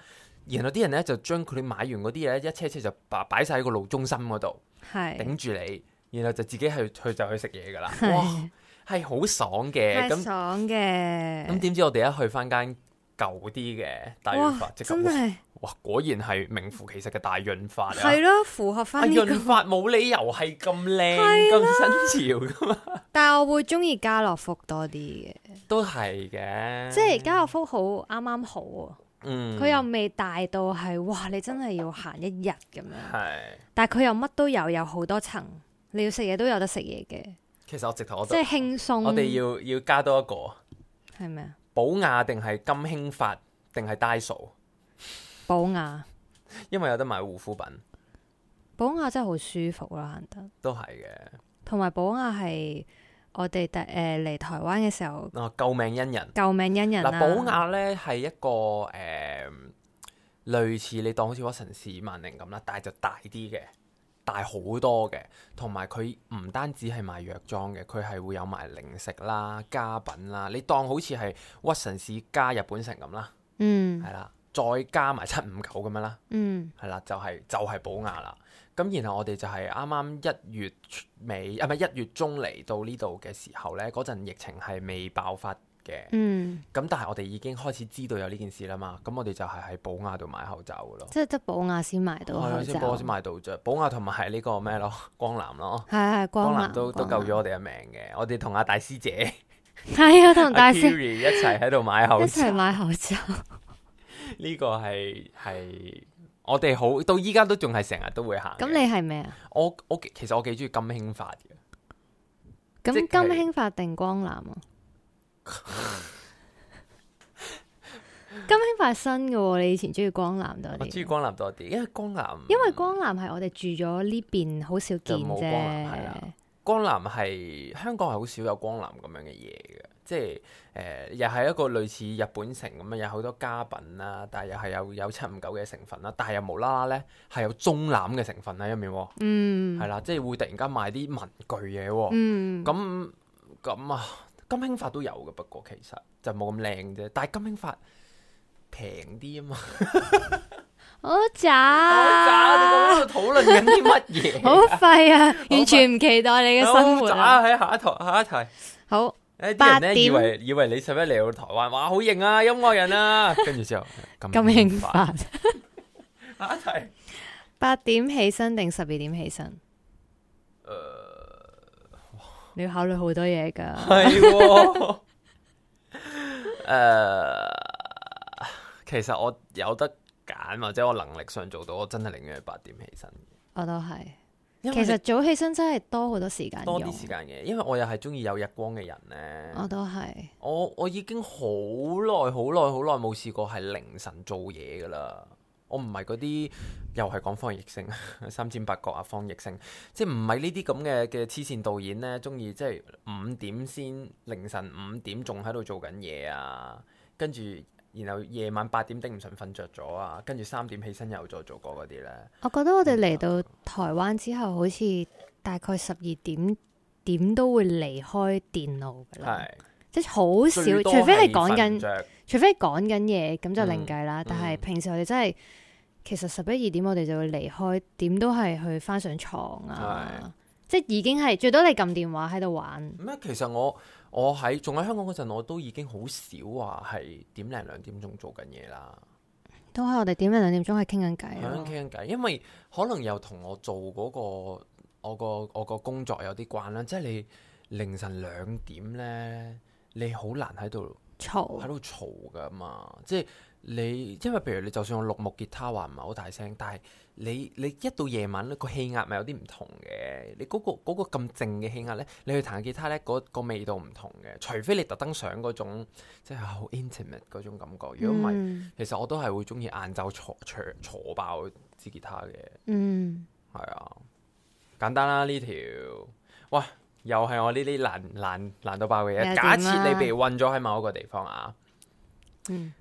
然後啲人咧就將佢買完嗰啲嘢，一車車就擺擺晒喺個路中心嗰度，係頂住你，然後就自己去，去就去食嘢噶啦。哇，係好爽嘅，咁爽嘅。咁點知我哋一去翻，間舊啲嘅大潤發，即咁，真係哇，果然係名副其實嘅大潤發啊。係咯，符合翻呢個。潤發冇理由係咁靚咁新潮噶嘛。但係我會中意家樂福多啲嘅，都係嘅。即係家樂福好啱啱好啊。佢、嗯、又未大到係，哇！你真係要行一日咁樣。係是，但係佢又乜都有，有好多層，你要食嘢都有得食嘢嘅。其實我直頭，即輕鬆我即係輕鬆。我哋要要加多一個，係咩啊？寶雅定係金興發定係 Daiso？寶雅， 因為有得買護膚品。寶雅真係好舒服啦，行得。都係嘅，同埋寶雅係。我哋第誒嚟台灣嘅時候，救命恩人，救命恩人啦、啊！寶雅、啊、呢係一個誒、呃，類似你當好似屈臣氏萬寧咁啦，但係就大啲嘅，大好多嘅，同埋佢唔單止係賣藥妝嘅，佢係會有埋零食啦、家品啦，你當好似係屈臣氏加日本城咁啦，嗯，係啦，再加埋七五九咁樣啦，嗯，係啦，就係、係、就係寶雅啦。咁然後我哋就係啱啱一月尾啊，唔係一月中嚟到呢度嘅時候咧，嗰陣疫情係未爆發嘅。嗯。咁但係我哋已經開始知道有呢件事啦嘛，咁我哋就係喺寶雅度買口罩噶咯。即係得寶雅先買到口罩，先、哦、寶雅先買到啫，寶雅同埋係呢個咩咯？光南咯。係係光南都都救咗我哋嘅命嘅。我哋同阿大師姐係 啊，同大師 一齊喺度買口罩，一齊買口罩。呢 個係係。我哋好到依家都仲係成日都會行。咁你係咩啊？我我其實我幾中意金興發嘅。咁金興發定光南啊？ 金興發新嘅，你以前中意光南多啲？我中意光南多啲，因為光南因為光南係我哋住咗呢邊好少見啫。係啊，光南係香港係好少有光南咁樣嘅嘢嘅。即係誒、呃，又係一個類似日本城咁樣，又有好多家品啦，但係又係有有七五九嘅成分啦，但係又無啦啦咧，係有中攬嘅成分喺入面。嗯，係啦，即係會突然間賣啲文具嘢。嗯，咁咁啊，金興發都有嘅，不過其實就冇咁靚啫。但係金興發平啲啊嘛。好渣差！好渣 差！你喺度討論緊啲乜嘢？好廢啊！完全唔期待你嘅生活啊！喺下一題下一題好。好誒，啲人咧，以為以為你拾壹嚟到台灣，哇，好型啊，音樂人啊，跟住之後咁咁型，八點起身，定十二點起身？誒、呃，你要考慮好多嘢㗎，係。 誒、呃，其實我有得揀，或者我能力上做到，我真係寧願係八點起身。我都係。其實早起身真係多好多時間，多啲時間嘅，因為我又係中意有日光嘅人呢，我都係，我我已經好耐好耐好耐冇試過係凌晨做嘢噶啦。我唔係嗰啲又係講方逸星、 三尖八角啊，方逸星，即係唔係呢啲咁嘅嘅黐線導演呢，中意即係五點先凌晨五點仲喺度做緊嘢啊，跟住。然後夜晚八點頂唔順瞓着咗啊，跟住三點起身又再做，做過嗰啲咧。我覺得我哋嚟到台灣之後，嗯、好似大概十二點點都會離開電腦嘅啦，是即係好少，除非你講緊，嗯、除非講緊嘢咁就另計啦。嗯、但係平時我哋真係其實十一二點我哋就會離開，點都係去翻上床啊，是即係已經係最多你撳電話喺度玩。咩？其實我。我喺仲喺香港嗰陣，我都已經好少話係點零兩點鐘做緊嘢啦。都係我哋點零兩點鐘去傾緊偈咯。傾緊偈，因為可能又同我做嗰、嗰個我個我個工作有啲關啦。即係你凌晨兩點咧，你好難喺度嘈喺度嘈噶嘛。即係你，因為譬如你就算用錄木吉他，話唔係好大聲，但係。你你一到夜晚咧，個氣壓咪有啲唔同嘅。你嗰、嗰個咁、嗰個、靜嘅氣壓咧，你去彈吉他咧，嗰、嗰個味道唔同嘅。除非你特登想嗰種，即係好 intimate 嗰種感覺。如果唔係，其實我都係會中意晏晝嘈長爆支吉他嘅。嗯，係啊，簡單啦、啊、呢條。哇，又係我呢啲難難難到爆嘅嘢。啊、假設你被韞咗喺某一個地方啊，嗯、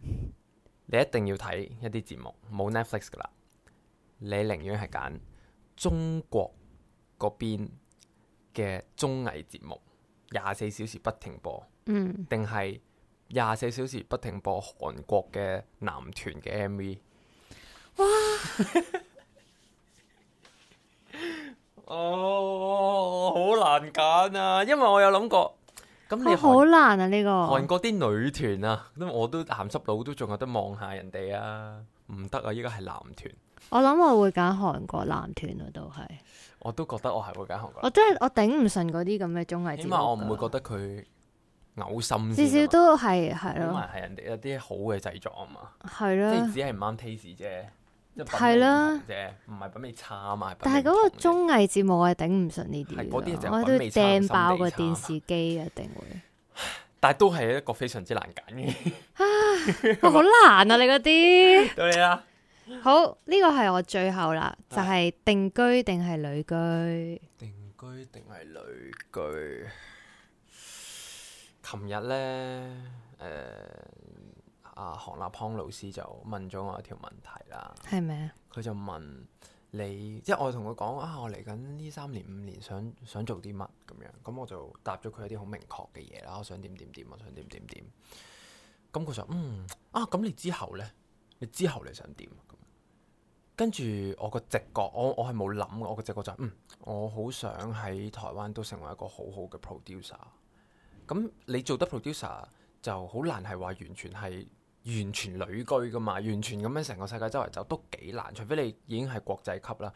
你一定要睇一啲節目，冇 Netflix 噶啦。你寧願係揀中國嗰邊嘅綜藝節目廿四小時不停播，定係廿四小時不停播韓國嘅男團嘅 MV？哇 哦！哦，好難揀啊！因為我有諗過，咁你好、哦、難啊呢、呢個韓國啲女團啊，都我都鹹濕佬都仲有得望下人哋啊，唔得啊！依家係男團。我諗我會揀韓國男團咯，都係。我都覺得我係會揀韓國。我真係我頂唔順嗰啲咁嘅綜藝節目，起碼我唔會覺得佢嘔心。至少都係係咯，同埋係人哋一啲好嘅製作啊嘛。係咯，即係只係唔啱 taste 啫。係咯，啫，唔係品味差啊嘛。但係嗰個綜藝節目係頂唔順呢啲，嗰啲就品味差。掟爆個電視機一定會，但係都係一個非常之難揀嘅。我好難啊！你嗰啲到你啦。好，呢個係我最後啦，的就係定居定係旅居，定居定係旅居？琴日，呢，誒、呃、阿、啊、韓立康老師就問咗我一條問題啦，係咪啊？佢就問你，即係我同佢講啊，我嚟緊呢三年五年想，想想做啲乜咁樣？咁我就答咗佢一啲好明確嘅嘢啦，我想點點點，我想點點點。咁佢就嗯啊，咁你之後呢？你之後你想點？跟住我個直覺，我我係冇諗我個直覺就係，嗯，我好想喺台灣都成為一個好好嘅 producer。咁你做 producer 就好難，係話完全係完全旅居噶嘛？完全咁樣成個世界周圍走都幾難，除非你已經係國際級啦。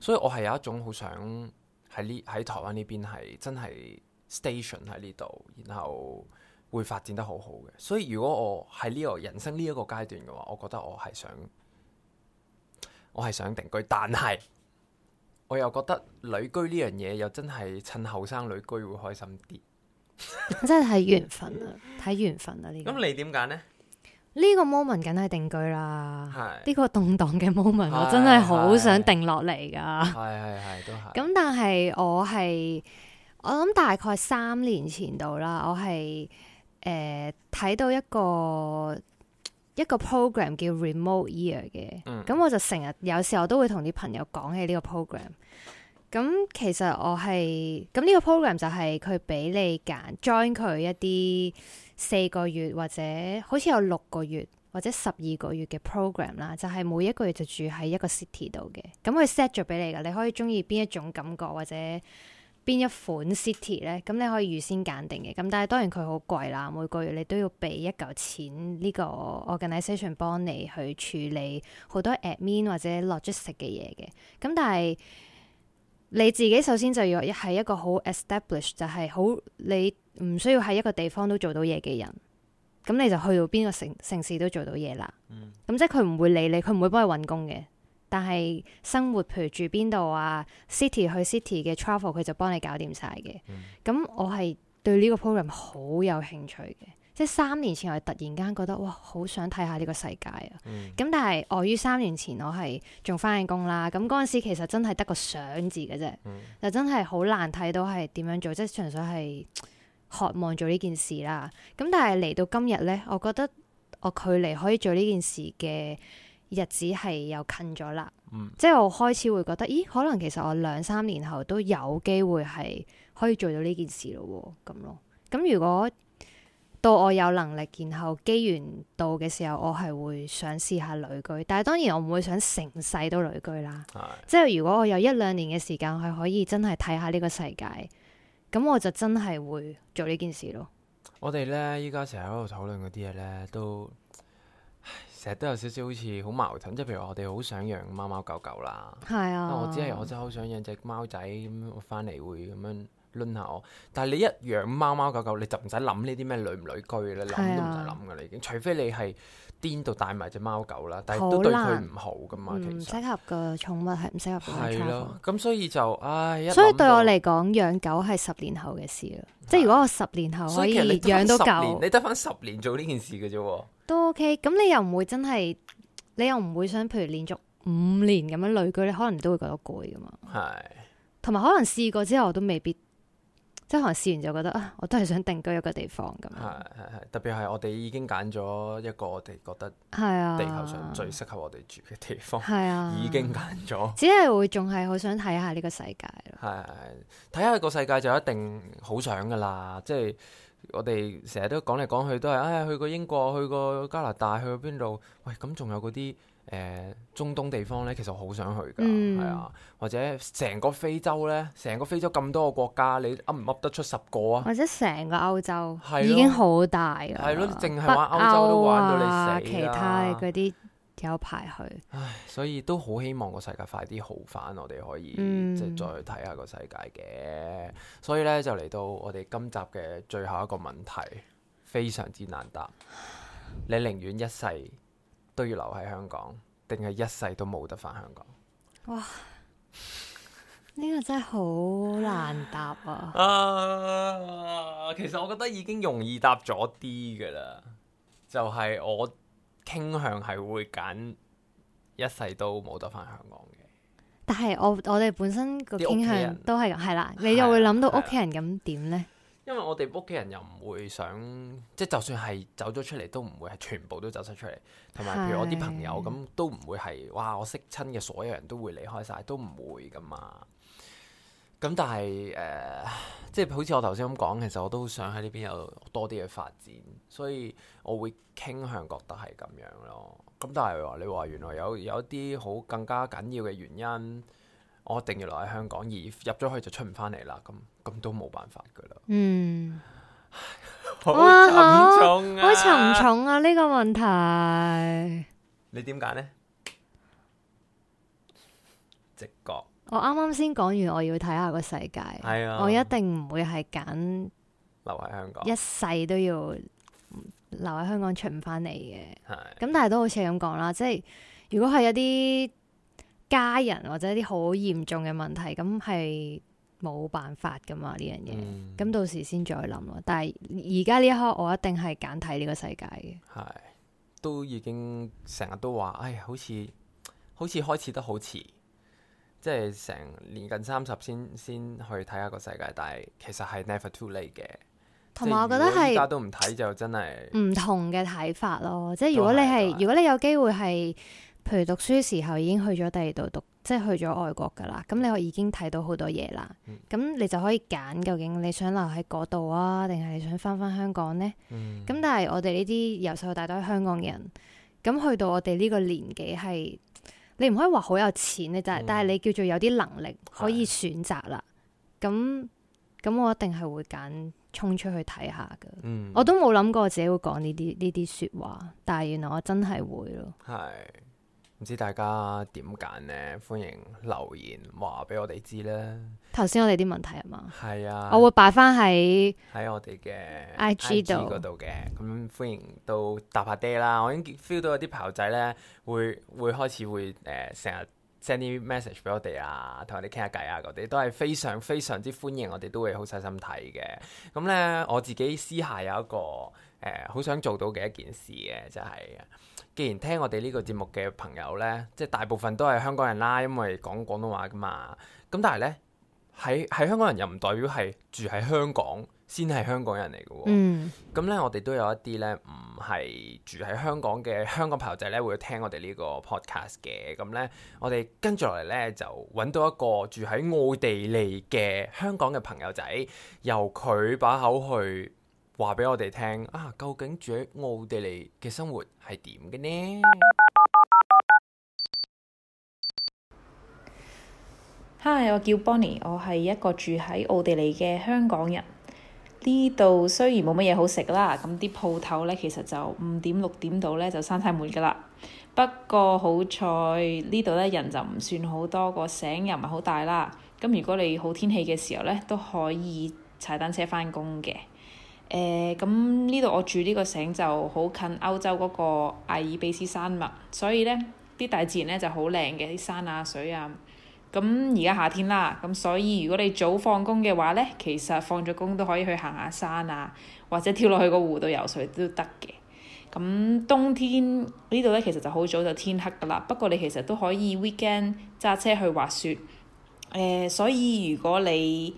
所以我係有一種好想喺呢喺台灣呢邊係真係 station 喺呢度，然後。會發展得好好嘅，所以如果我喺呢個人生呢一個階段嘅話，我覺得我係想我係想定居，但係我又覺得旅居呢樣嘢又真係趁後生旅居會開心啲， 真係睇緣分啊，睇緣分啊、這個、呢。咁你點揀呢？呢個 moment 梗係定居啦，係呢是個動盪嘅 moment，是我真係好想定落嚟噶，係係係都係。咁但係我係我諗大概三年前度啦，我係。誒，睇、呃、到一個一個 program 叫 Remote Year 嘅，咁、嗯、我就成日有時我都會同啲朋友講起呢個 program。咁其實我係咁呢個 program 就係佢俾你揀 join 佢一啲四個月或者好似有六個月或者十二個月嘅 program 啦，就係、是、每一個月就住喺一個 city 度嘅。咁佢 set 咗俾你㗎，你可以中意邊一種感覺或者。邊一款 city 咧？咁你可以預先揀定嘅。咁但係當然佢好貴啦，每個月你都要俾一嚿錢呢個 organization 幫你去處理好多 admin 或者 logistic 嘅嘢嘅。咁但係你自己首先就要係一個好 establish 就係好你唔需要喺一個地方都做到嘢嘅人。咁你就去到邊個城城市都做到嘢啦。咁即係佢唔會理你，佢唔會幫你揾工嘅。但係生活，譬如住邊度啊，city 去 city 嘅 travel，佢就幫你搞掂晒嘅。咁、嗯、我係對呢個 program 好有興趣嘅，即係三年前我突然間覺得哇，好想睇下呢個世界啊。咁、嗯、但係礙於三年前我係仲翻緊工啦。咁嗰陣時其實真係得個想字嘅啫，嗯、就真係好難睇到係點樣做，即係純粹係渴望做呢件事啦。咁但係嚟到今日呢，我覺得我距離可以做呢件事嘅。日子係又近咗啦，嗯、即係我開始會覺得，咦？可能其實我兩三年後都有機會係可以做到呢件事、哦、咯，咁咯。咁如果到我有能力，然後機緣到嘅時候，我係會想試下旅居。但係當然我唔會想成世都旅居啦。是的 即係如果我有一兩年嘅時間，係可以真係睇下呢個世界，咁我就真係會做呢件事咯。我哋呢，依家成日喺度討論嗰啲嘢呢，都。成日都有少少好似好矛盾，即係譬如我哋好想養貓貓狗狗啦，係是啊我。我只係我真係好想養隻貓仔咁翻嚟會咁樣 run 下我。但係你一養貓貓狗狗，你就唔使諗呢啲咩旅唔旅居是、啊，你諗都唔使諗噶啦已經。除非你係癲到帶埋隻貓狗啦，但係都對佢唔好噶嘛。唔適難實、嗯、合噶寵物係唔適合養寵物。係咯，咁、啊、所以就唉，所以對我嚟講，養狗係十年後嘅事是啊。即係如果我十年後可以養是、啊、到狗，你得翻十,十年做呢件事嘅啫。都 OK，咁你又唔會真係，你又唔會想，譬如連續五年咁樣旅居，你可能都會覺得攰噶嘛。係。同埋可能試過之後，我都未必，即係可能試完就覺得啊，我都係想定居一個地方咁樣。係系系，特別係我哋已經揀咗一個我哋覺得係啊，地球上最適合我哋住嘅地方。係啊，已經揀咗。只係會仲係好想睇下呢個世界。係系，睇下個世界就一定好想噶啦，即係。我哋成日都講嚟講去都係，唉、哎，去過英國，去過加拿大，去過邊度？喂，咁仲有嗰啲誒中東地方咧，其實好想去㗎，係啊、嗯！或者成個非洲咧，成個非洲咁多個國家，你噏唔噏得出十個啊？或者成個歐洲，係的已經好大㗎。係咯，淨係玩歐洲都玩到你死啦、啊！其他啲。有排去，唉，所以都好希望個世界快啲好翻，我哋可以、嗯、即再睇下個世界嘅。所以呢，就嚟到我哋今集嘅最後一個問題，非常之難答。你寧願一世都要留喺香港，定係一世都冇得返香港？哇！呢、呢個真係好難答啊， 啊！其實我覺得已經容易答咗啲噶啦，就係、係、我。傾向係會揀一世都冇得返香港嘅，但係我我哋本身個傾向都係係啦，你又會諗到屋企人咁點的呢？因為我哋屋企人又唔會想，即係就算係走咗出嚟，都唔會係全部都走晒出嚟。同埋，譬如我啲朋友咁，的都唔會係哇，我識親嘅所有人都會離開晒，都唔會噶嘛。咁但係誒、呃，即係好似我頭先咁講，其實我都想喺呢邊有多啲嘅發展，所以我會傾向覺得係咁樣咯。咁但係你話原來有有啲好更加緊要嘅原因，我一定要留喺香港而入咗去就出唔返嚟啦。咁咁都冇辦法噶啦。嗯，好沉重啊，好沉重啊！呢、啊啊呢個問題，你點解呢？我啱啱先講完，我要睇下個世界。係啊，我一定唔會係揀留喺香港，一世都要留喺香港出唔翻嚟嘅。係。咁但係都好似係咁講啦，即係如果係一啲家人或者一啲好嚴重嘅問題，咁係冇辦法噶嘛呢樣嘢。咁到時先再諗咯。但係而家呢一刻，我一定係揀睇呢個世界嘅。係。都已經成日都話，哎，好似好似開始得好遲。即係成年近三十先先去睇下個世界，但係其實係 never too late 嘅。同埋我覺得係而家都唔睇就真係唔同嘅睇法咯。即係如果你係如果你有機會係，譬如讀書時候已經去咗第二度讀，即係去咗外國噶啦，咁你已經睇到好多嘢啦。咁、嗯、你就可以揀究竟你想留喺嗰度啊，定係你想翻返香港呢？咁、嗯、但係我哋呢啲由細到大都係香港人，咁去到我哋呢個年紀係。你唔可以話好有錢咧，嗯、但係但係你叫做有啲能力可以選擇啦。咁咁係，我一定係會揀衝出去睇下噶。嗯、我都冇諗過自己會講呢啲呢啲說話，但係原來我真係會咯。唔知大家點揀呢？歡迎留言話俾我哋知啦。頭先我哋啲問題吖嘛？係啊，我會擺翻喺喺我哋嘅 IG 嗰度嘅。咁歡迎到搭下爹啦。我已經 feel 到有啲朋友仔呢會會開始會誒成日 send 啲 message 俾我哋啊，同我哋傾下偈啊，嗰啲都係非常非常之歡迎。我哋都會好細心睇嘅。咁呢，我自己私下有一個。誒好、呃、想做到嘅一件事嘅，就係、是、既然聽我哋呢個節目嘅朋友呢，即係大部分都係香港人啦，因為講廣東話噶嘛。咁但係呢，喺喺香港人又唔代表係住喺香港先係香港人嚟嘅、哦。嗯，咁、嗯、呢，我哋都有一啲呢唔係住喺香港嘅香港朋友仔呢，會聽我哋呢個 podcast 嘅。咁、嗯、呢，我哋跟住落嚟呢，就揾到一個住喺奧地利嘅香港嘅朋友仔，由佢把口去，話俾我哋聽啊，究竟住喺奧地利嘅生活係點嘅呢？嗨，我叫 Bonnie，我係一個住喺奧地利嘅香港人。呢度雖然冇乜嘢好食啦，咁啲鋪頭呢，其實就五點六點到呢就閂晒門噶啦。不過好在呢度呢，人就唔算好多，個醒又唔係好大啦。咁如果你好天氣嘅時候呢，都可以踩單車返工嘅。誒，咁呢度我住呢個城就好近歐洲嗰個阿爾卑斯山脈，所以呢啲大自然呢就好靚嘅，啲山啊水啊。咁而家夏天啦、啊，咁所以如果你早放工嘅話呢，其實放咗工都可以去行下山啊，或者跳落去個湖度游水都得嘅。咁冬天呢度呢，其實就好早就天黑㗎喇，不過你其實都可以 weekend 揸車去滑雪、呃。所以如果你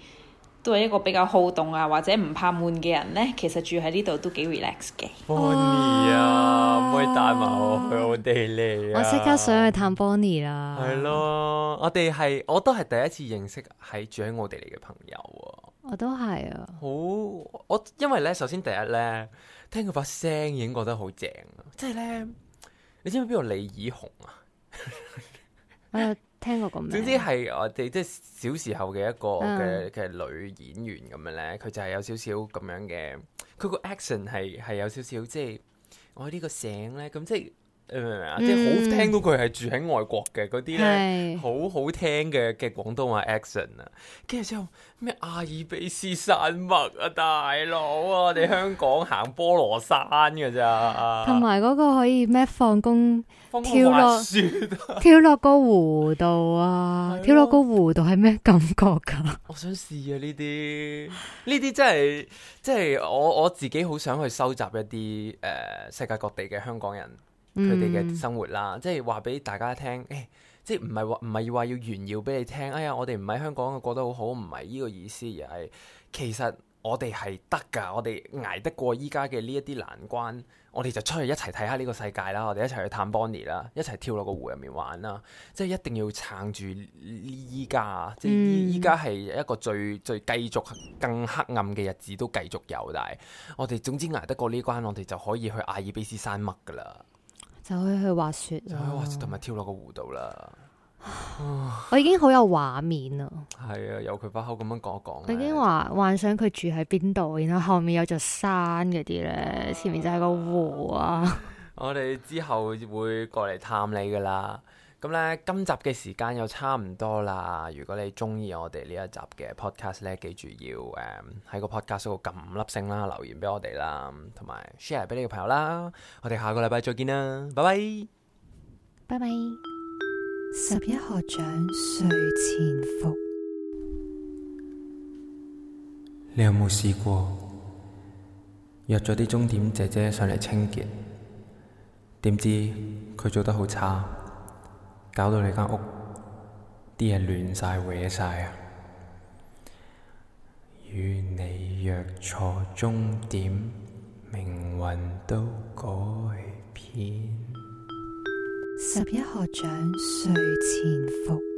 都係一個比較好動啊，或者唔怕悶嘅人呢。其實住喺呢度都幾 relax 嘅。Bonnie 啊，唔可以帶埋我去奧地利啊！我即刻想去探 Bonnie 啦。係咯，我哋係我都係第一次認識喺住喺奧地利嘅朋友喎。我都係啊。啊好，我因為呢，首先第一呢，聽佢把聲已經覺得好正啊。即係呢，你知唔知邊個李以紅啊？ 呃聽過咁樣，總之係我哋即係小時候嘅一個嘅嘅、嗯、女演員咁樣咧，佢就係有少少咁樣嘅，佢個 action 係係有少少即係我呢個醒咧，咁即係。你明唔明啊？嗯、即係是好，好聽到佢係住喺外國嘅嗰啲咧，好好聽嘅嘅廣東話 accent 啊。跟住之後咩阿爾卑斯山脈啊，大佬啊，我哋香港行菠羅山㗎咋？同埋嗰個可以咩放工跳落雪，跳落個湖度啊？跳落個湖度係咩感覺噶？我想試啊！呢啲呢啲真係即係我我自己好想去收集一啲誒、呃、世界各地嘅香港人。佢哋嘅生活啦，即係話俾大家聽，誒、欸，即係唔係話唔係話要炫耀俾你聽。哎呀，我哋唔喺香港過得好好，唔係呢個意思。而係其實我哋係得噶，我哋捱得過依家嘅呢一啲難關，我哋就出去一齊睇下呢個世界啦。我哋一齊去探 Bonnie 啦，一齊跳落個湖入面玩啦。即係一定要撐住呢家，即係依家係一個最最繼續更黑暗嘅日子都繼續有，但係我哋總之捱得過呢關，我哋就可以去阿爾卑斯山脈噶啦。就可以去滑雪，就同埋跳落個湖度啦。 我已經好有畫面啊！係啊，由佢把口咁樣講一講，佢已經話幻想佢住喺邊度，然後後面有座山嗰啲咧，前面就係個湖啊！ 我哋之後會過嚟探你噶啦。咁咧，今集嘅時間又差唔多啦。如果你中意我哋呢一集嘅 podcast 咧，記住要誒喺個 podcast 度撳五粒星啦，留言俾我哋啦，同埋 share 俾你嘅朋友啦。我哋下個禮拜再見啦，拜拜，拜拜。十一學長睡前服，你有冇試過約咗啲鐘點姐姐上嚟清潔？點知佢做得好差。搞到你間屋啲嘢亂晒，歪晒，啊！與你約錯終點，命運都改變。十一學長睡前服。